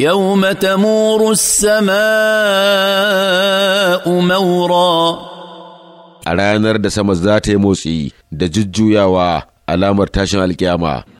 يوم تمور السماء مورا a ranar da sama za ta yi motsi da jujjuyawa alamar tashin alkiyama